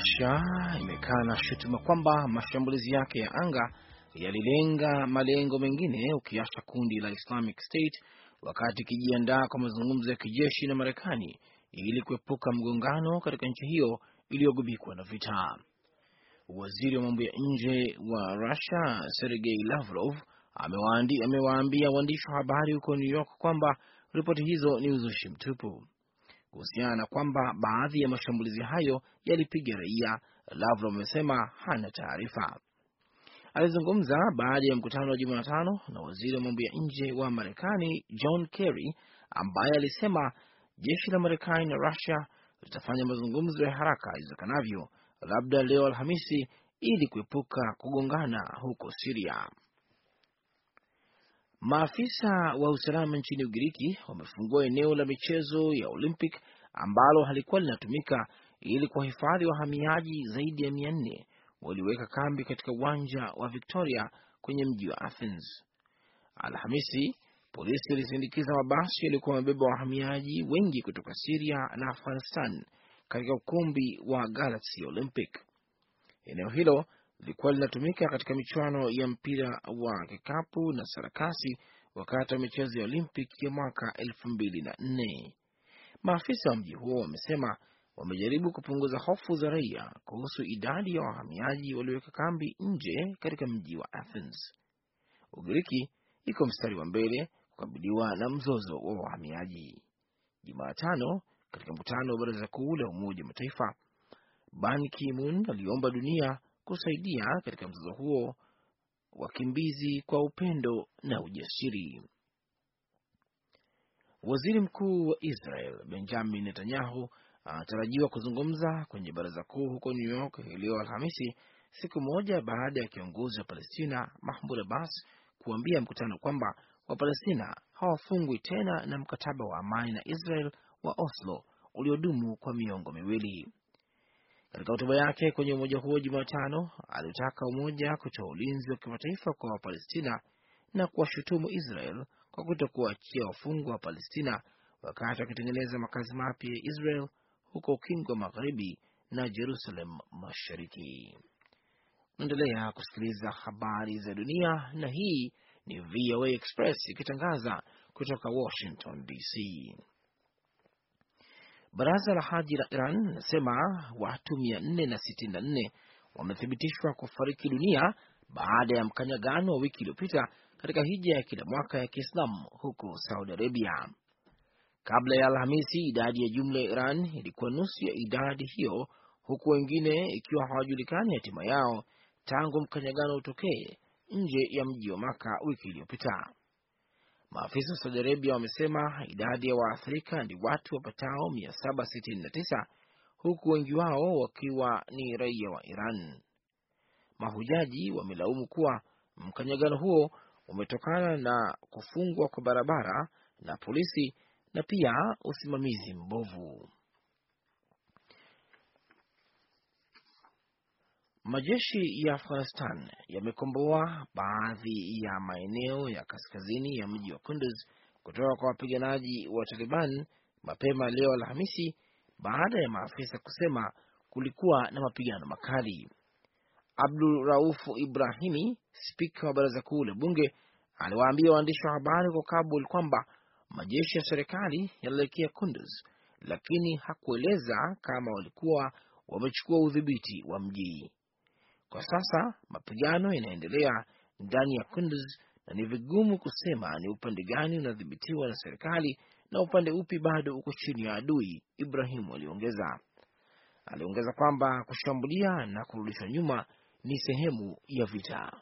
Russia imekana shutuma kwamba mashambulizi yake ya anga yalilenga malengo mengine ukiacha kundi la Islamic State wakati ikijiandaa kwa mazungumzo ya kijeshi na Marekani ili kuepuka mgongano katika nchi hiyo iliyogubikwa na vita. Waziri wa mambo ya nje wa Russia Sergei Lavrov amewaambia waandishi wa habari huko New York kwamba ripoti hizo ni uzushi mtupu kuhusiana na kwamba baadhi ya mashambulizi hayo yalipiga raia. Lavrov amesema hana taarifa. Alizungumza baada ya mkutano wa Jumatano na waziri wa mambo ya nje wa Marekani John Kerry ambaye alisema jeshi la Marekani na Rusia litafanya mazungumzo ya haraka iwezekanavyo, labda leo Alhamisi, ili kuepuka kugongana huko Siria. Maafisa wa usalama nchini Ugiriki wamefungua eneo la michezo ya Olympic ambalo halikuwa linatumika ili kuwahifadhi wahamiaji zaidi ya mia nne walioweka kambi katika uwanja wa Victoria kwenye mji wa Athens. Alhamisi, polisi ilisindikiza mabasi yaliyokuwa wamebeba wahamiaji wengi kutoka Siria na Afghanistan katika ukumbi wa Galaxy Olympic. Eneo hilo lilikuwa linatumika katika michuano ya mpira wa kikapu na sarakasi wakati wa michezo ya olympic ya mwaka elfu mbili na nne. Maafisa wa mji huo wamesema wamejaribu kupunguza hofu za raia kuhusu idadi ya wahamiaji walioweka kambi nje katika mji wa Athens. Ugiriki iko mstari wa mbele kukabiliwa na mzozo wa wahamiaji. Jumatano, katika mkutano wa baraza kuu la Umoja Mataifa, Ban Ki-moon aliomba dunia kusaidia katika mzozo huo wakimbizi kwa upendo na ujasiri. Waziri Mkuu wa Israel Benjamin Netanyahu anatarajiwa kuzungumza kwenye baraza kuu huko New York iliyo Alhamisi, siku moja baada ya kiongozi wa Palestina Mahmud Abbas kuambia mkutano kwamba Wapalestina hawafungwi tena na mkataba wa amani na Israel wa Oslo uliodumu kwa miongo miwili. Katika hotuba yake kwenye umoja huo Jumatano, aliutaka umoja kutoa ulinzi wa kimataifa kwa Wapalestina na kuwashutumu Israel kwa kutokuachia wafungwa wa Palestina wakati wakitengeneza makazi mapya ya Israel huko Ukingo wa Magharibi na Jerusalem Mashariki. Naendelea kusikiliza habari za dunia, na hii ni VOA Express ikitangaza kutoka Washington DC. Baraza la Haji la Iran linasema watu 464 wamethibitishwa kufariki dunia baada ya mkanyagano wa wiki iliyopita katika hija ya kila mwaka ya Kiislamu huko Saudi Arabia. Kabla ya Alhamisi, idadi ya jumla ya Iran ilikuwa nusu ya idadi hiyo, huku wengine ikiwa hawajulikani hatima yao tangu mkanyagano utokee nje ya mji wa Maka wiki iliyopita. Maafisa wa Saudi Arabia wamesema idadi ya waathirika ni watu wapatao 769 huku wengi wao wakiwa ni raia wa Iran. Mahujaji wamelaumu kuwa mkanyagano huo umetokana na kufungwa kwa barabara na polisi na pia usimamizi mbovu. Majeshi ya Afghanistan yamekomboa baadhi ya maeneo ya kaskazini ya mji wa Kunduz kutoka kwa wapiganaji wa Taliban mapema leo Alhamisi baada ya maafisa kusema kulikuwa na mapigano makali. Abdul Raufu Ibrahimi, spika wa baraza kuu la bunge, aliwaambia waandishi wa habari kwa Kabul kwamba majeshi ya serikali yalielekea Kunduz, lakini hakueleza kama walikuwa wamechukua udhibiti wa mji. Kwa sasa mapigano yanaendelea ndani ya Kunduz na ni vigumu kusema ni upande gani unadhibitiwa na serikali na upande upi bado uko chini ya adui, Ibrahimu aliongeza. Aliongeza kwamba kushambulia na kurudishwa nyuma ni sehemu ya vita.